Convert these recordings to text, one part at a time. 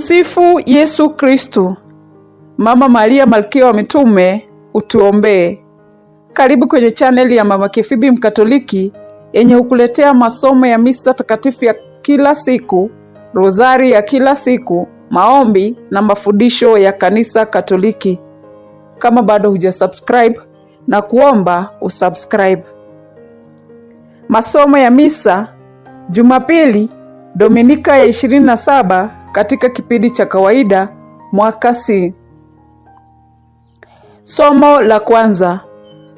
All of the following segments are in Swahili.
Tumsifu Yesu Kristu. Mama Maria malkia wa mitume, utuombee. Karibu kwenye chaneli ya Mama Kifibi Mkatoliki yenye hukuletea masomo ya misa takatifu ya kila siku, rozari ya kila siku, maombi na mafundisho ya kanisa Katoliki. Kama bado hujasubscribe na kuomba usubscribe. Masomo ya misa Jumapili, Dominika ya 27 katika kipindi cha kawaida mwaka C. Somo la kwanza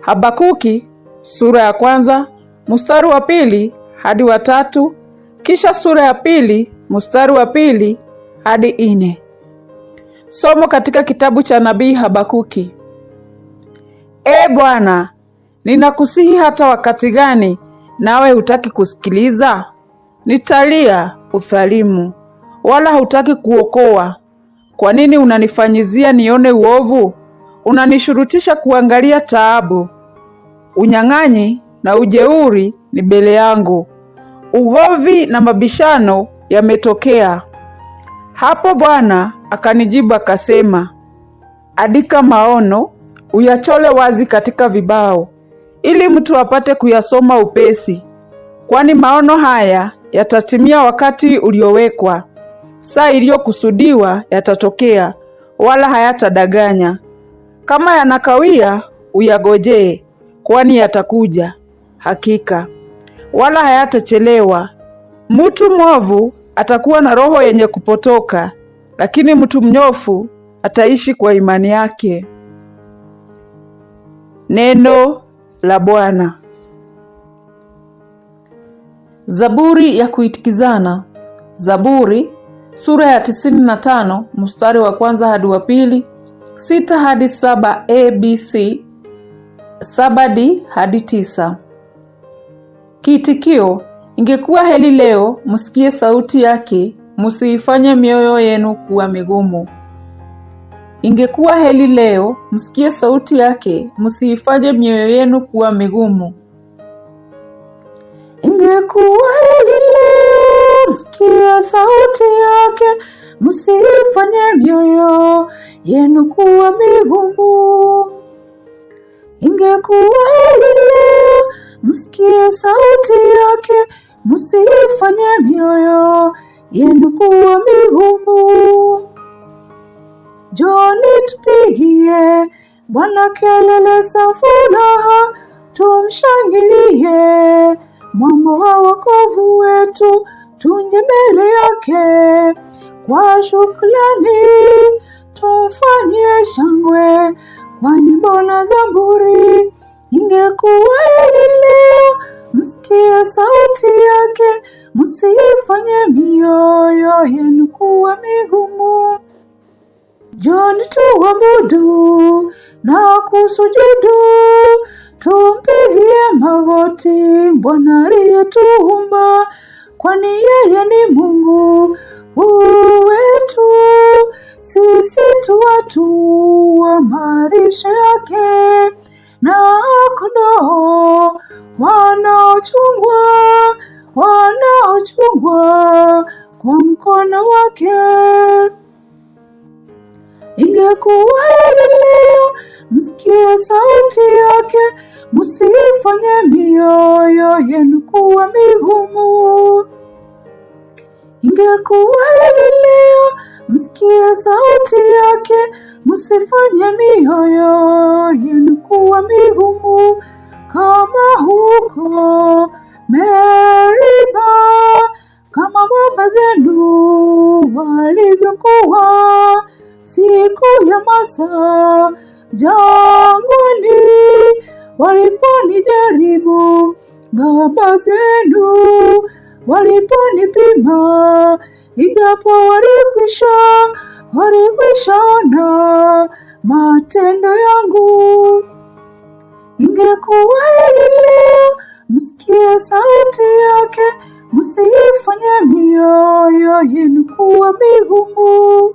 Habakuki sura ya kwanza mstari wa pili hadi wa tatu kisha sura ya pili mstari wa pili hadi ine. Somo katika kitabu cha nabii Habakuki. E Bwana, ninakusihi hata wakati gani, nawe hutaki kusikiliza? Nitalia udhalimu wala hutaki kuokoa. Kwa nini unanifanyizia nione uovu? Unanishurutisha kuangalia taabu. Unyang'anyi na ujeuri ni mbele yangu, ugomvi na mabishano yametokea. Hapo Bwana akanijibu akasema, andika maono uyachole wazi katika vibao, ili mtu apate kuyasoma upesi, kwani maono haya yatatimia wakati uliowekwa saa iliyokusudiwa yatatokea, wala hayatadaganya Kama yanakawia, uyagojee, kwani yatakuja hakika, wala hayatachelewa. Mtu mwovu atakuwa na roho yenye kupotoka, lakini mtu mnyofu ataishi kwa imani yake. Neno la Bwana. Zaburi ya kuitikizana. Zaburi sura ya 95 mstari wa kwanza hadi wa pili, 6 hadi 7 abc 7d hadi 9. Kiitikio: ingekuwa heli leo msikie sauti yake, msiifanye mioyo yenu kuwa migumu. Ingekuwa heli leo msikie sauti yake, msiifanye mioyo yenu kuwa migumu. Ingekuwa msifanye mioyo yenu kuwa migumu. Ingekuwa heri leo msikie sauti yake, msifanye mioyo yenu kuwa migumu. Njoni tupigie Bwana kelele za furaha, tumshangilie mwamba wa wokovu wetu, tunje mbele yake kwa shukrani, tumfanyie shangwe, nyimbo na zamburi. ingekuwa leo, msikie sauti yake, msifanye mioyo yenu kuwa migumu. Njoni tuabudu na kusujudu, tumpigie magoti Bwana aliyetuumba kwani yeye ni Mungu wetu, sisi tu watu wa marisha yake na kondoo wanaochungwa wanaochungwa kwa mkono wake ingakuwaje leo msikie sauti yake, msifanye mioyo yenu kuwa migumu. Ingekuwaje leo msikie sauti yake, msifanye mioyo yenu kuwa migumu kama huko Meriba, kama baba zenu walivyokuwa siku ya masaa jangwani, waliponijaribu baba zenu, waliponipima, ijapo walikwisha ona matendo yangu. Ingekuwa hilo msikie sauti yake, msiifanye mioyo yenu kuwa migumu.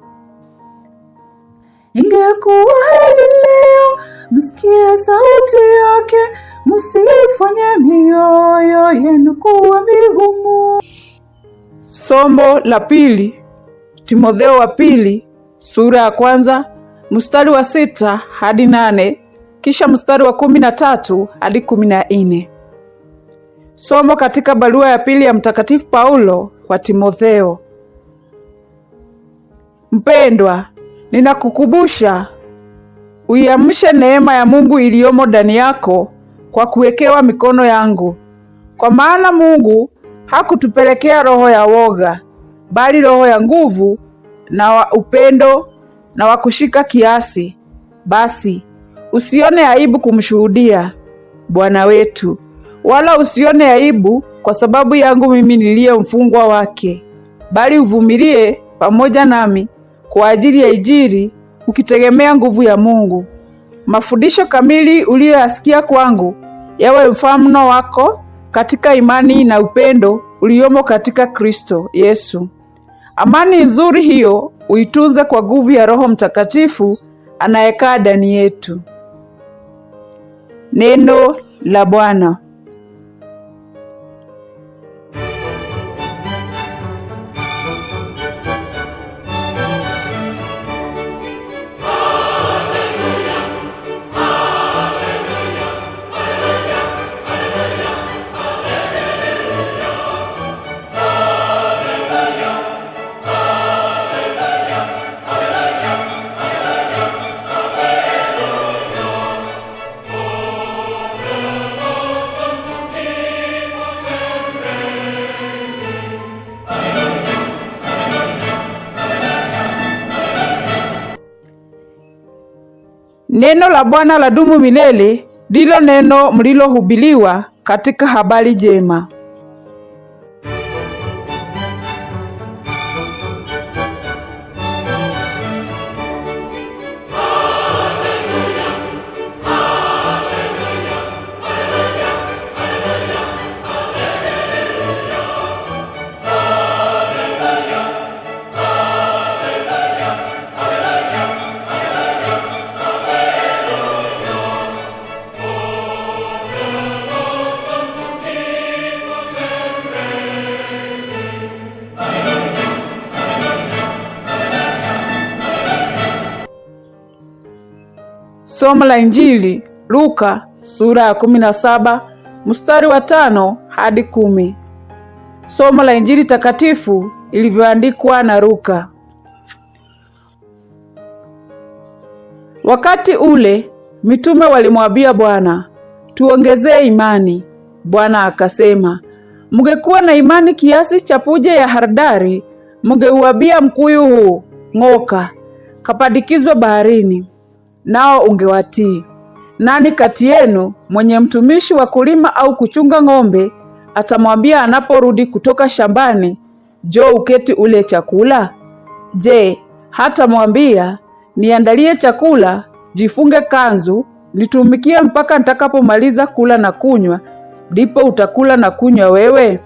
Ingekuwaje leo msikie sauti yake, msifanye mioyo yenu kuwa migumu. Somo la pili, Timotheo wa pili sura ya kwanza mstari wa sita hadi nane kisha mstari wa kumi na tatu hadi kumi na nne. Somo katika barua ya pili ya Mtakatifu Paulo kwa Timotheo. Mpendwa, Ninakukumbusha uiamshe neema ya Mungu iliyomo ndani yako kwa kuwekewa mikono yangu, kwa maana Mungu hakutupelekea roho ya woga, bali roho ya nguvu na wa upendo na wa kushika kiasi. Basi usione aibu kumshuhudia Bwana wetu, wala usione aibu kwa sababu yangu mimi niliye mfungwa wake, bali uvumilie pamoja nami kwa ajili ya Injili ukitegemea nguvu ya Mungu. Mafundisho kamili uliyoyasikia kwangu yawe mfano wako katika imani na upendo uliomo katika Kristo Yesu. Amani nzuri hiyo uitunze kwa nguvu ya Roho Mtakatifu anayekaa ndani yetu. Neno la Bwana. Neno la Bwana la dumu milele, ndilo neno mlilohubiliwa katika habari njema. Somo la Injili Luka sura ya saba mstari wa tano hadi kumi. Somo la Injili takatifu ilivyoandikwa na Luka. Wakati ule mitume walimwambia Bwana, tuongezee imani. Bwana akasema, mngekuwa na imani kiasi cha puje ya haradali, mngeuambia mkuyu huu ng'oka, kapandikizwa baharini, nao ungewatii. Nani kati yenu mwenye mtumishi wa kulima au kuchunga ng'ombe atamwambia anaporudi kutoka shambani, njoo uketi ule chakula? Je, hatamwambia niandalie chakula, jifunge kanzu, nitumikie mpaka nitakapomaliza kula na kunywa, ndipo utakula na kunywa wewe?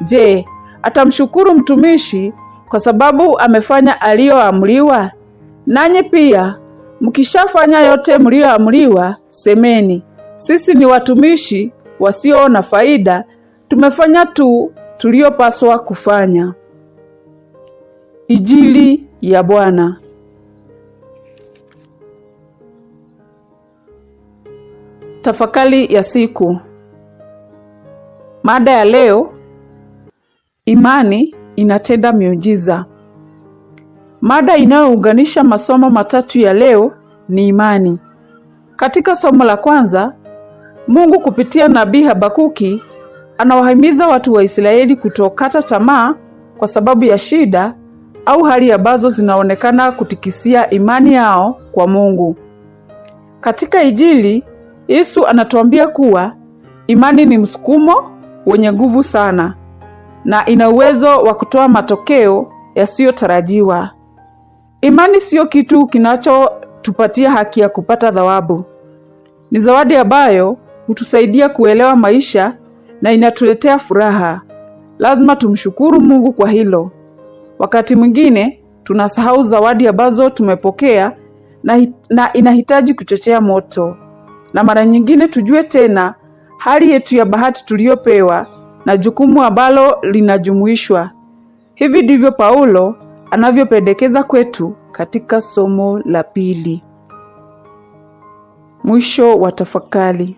Je, atamshukuru mtumishi kwa sababu amefanya aliyoamriwa? Nanyi pia Mkishafanya yote mliyoamriwa, semeni, sisi ni watumishi wasioona faida, tumefanya tu tuliyopaswa kufanya. Ijili ya Bwana. Tafakari ya siku. Mada ya leo, imani inatenda miujiza. Mada inayounganisha masomo matatu ya leo ni imani. Katika somo la kwanza, Mungu kupitia nabii Habakuki anawahimiza watu wa Israeli kutokata tamaa kwa sababu ya shida au hali ambazo zinaonekana kutikisia imani yao kwa Mungu. Katika Injili, Yesu anatuambia kuwa imani ni msukumo wenye nguvu sana na ina uwezo wa kutoa matokeo yasiyotarajiwa. Imani siyo kitu kinachotupatia haki ya kupata thawabu. Ni zawadi ambayo hutusaidia kuelewa maisha na inatuletea furaha. Lazima tumshukuru Mungu kwa hilo. Wakati mwingine tunasahau zawadi ambazo tumepokea na, na inahitaji kuchochea moto, na mara nyingine tujue tena hali yetu ya bahati tuliyopewa na jukumu ambalo linajumuishwa. Hivi ndivyo Paulo anavyopendekeza kwetu katika somo la pili. Mwisho wa tafakari.